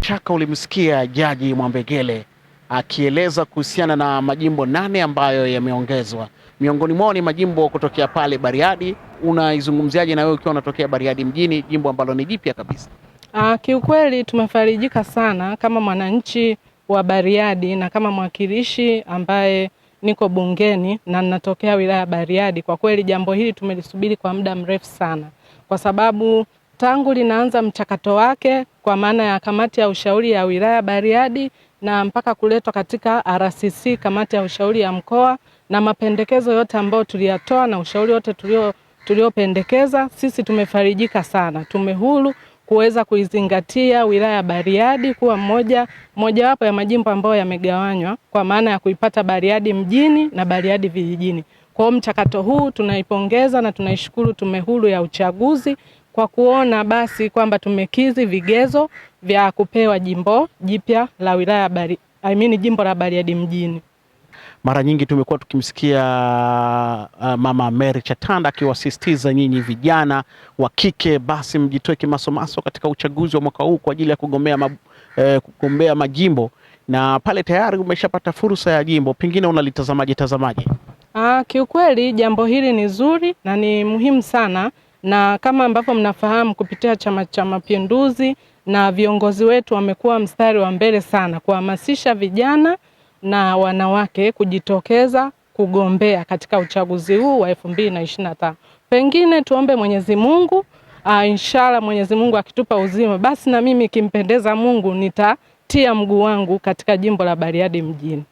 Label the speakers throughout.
Speaker 1: Shaka ulimsikia Jaji Mwambegele akieleza kuhusiana na majimbo nane ambayo yameongezwa, miongoni mwao ni majimbo kutokea pale Bariadi. Unaizungumziaje na wewe ukiwa unatokea Bariadi mjini, jimbo ambalo ni jipya kabisa?
Speaker 2: Ah, kiukweli tumefarijika sana kama mwananchi wa Bariadi na kama mwakilishi ambaye niko bungeni na ninatokea wilaya ya Bariadi. Kwa kweli jambo hili tumelisubiri kwa muda mrefu sana, kwa sababu tangu linaanza mchakato wake kwa maana ya kamati ya ushauri ya wilaya Bariadi na mpaka kuletwa katika RCC kamati ya ushauri ya mkoa, na mapendekezo yote ambayo tuliyatoa na ushauri wote tulio tuliopendekeza, sisi tumefarijika sana, tume huru kuweza kuizingatia wilaya ya Bariadi kuwa moja mojawapo ya majimbo ambayo yamegawanywa kwa maana ya kuipata Bariadi mjini na Bariadi vijijini. Kwa mchakato huu tunaipongeza na tunaishukuru tume huru ya uchaguzi kwa kuona basi kwamba tumekizi vigezo vya kupewa jimbo jipya la wilaya bari, I mean, jimbo la Bariadi mjini.
Speaker 1: Mara nyingi tumekuwa tukimsikia uh, Mama Mary Chatanda akiwasisitiza nyinyi vijana wa kike basi mjitoe kimasomaso katika uchaguzi wa mwaka huu kwa ajili ya kugombea, ma, eh, kugombea majimbo na pale tayari umeshapata fursa ya jimbo, pengine unalitazamaje tazamaje?
Speaker 2: Ah, kiukweli jambo hili ni zuri na ni muhimu sana na kama ambavyo mnafahamu kupitia Chama cha Mapinduzi na viongozi wetu wamekuwa mstari wa mbele sana kuhamasisha vijana na wanawake kujitokeza kugombea katika uchaguzi huu wa 2025. Pengine tuombe Mwenyezi Mungu, ah, inshallah Mwenyezi Mungu akitupa uzima, basi na mimi ikimpendeza Mungu nitatia mguu wangu katika jimbo la Bariadi mjini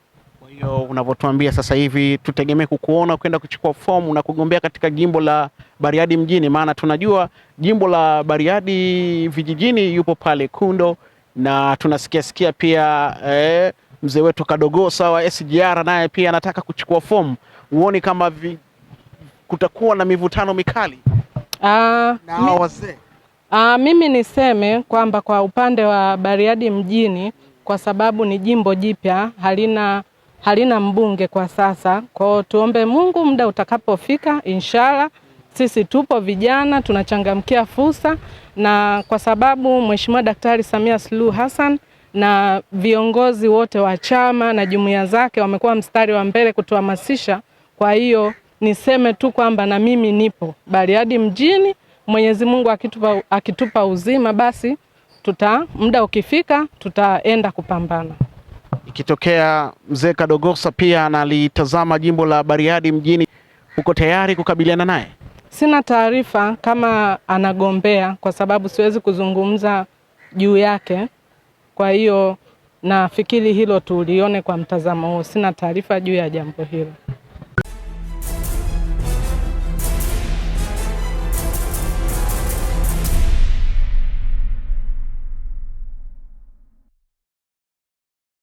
Speaker 1: hiyo unavyotuambia sasa hivi tutegemee kukuona kwenda kuchukua fomu na kugombea katika jimbo la Bariadi mjini, maana tunajua jimbo la Bariadi vijijini yupo pale Kundo na tunasikia sikia pia eh, mzee wetu Kadogosa wa SGR naye pia anataka kuchukua fomu. Huoni kama vi, kutakuwa na mivutano mikali
Speaker 2: ah, na wazee? Ah, mimi niseme kwamba kwa upande wa Bariadi mjini kwa sababu ni jimbo jipya halina halina mbunge kwa sasa. Kwao tuombe Mungu, muda utakapofika inshallah sisi tupo vijana tunachangamkia fursa, na kwa sababu Mheshimiwa Daktari Samia Suluhu Hassan na viongozi wote wa chama na jumuiya zake wamekuwa mstari wa mbele kutuhamasisha. Kwa hiyo niseme tu kwamba na mimi nipo Bariadi mjini, Mwenyezi Mungu akitupa, akitupa uzima basi tuta muda ukifika tutaenda kupambana
Speaker 1: akitokea mzee Kadogosa pia analitazama jimbo la Bariadi mjini. Uko tayari kukabiliana naye?
Speaker 2: Sina taarifa kama anagombea, kwa sababu siwezi kuzungumza juu yake. Kwa hiyo nafikiri hilo tulione kwa mtazamo huo. Sina taarifa juu ya jambo hilo.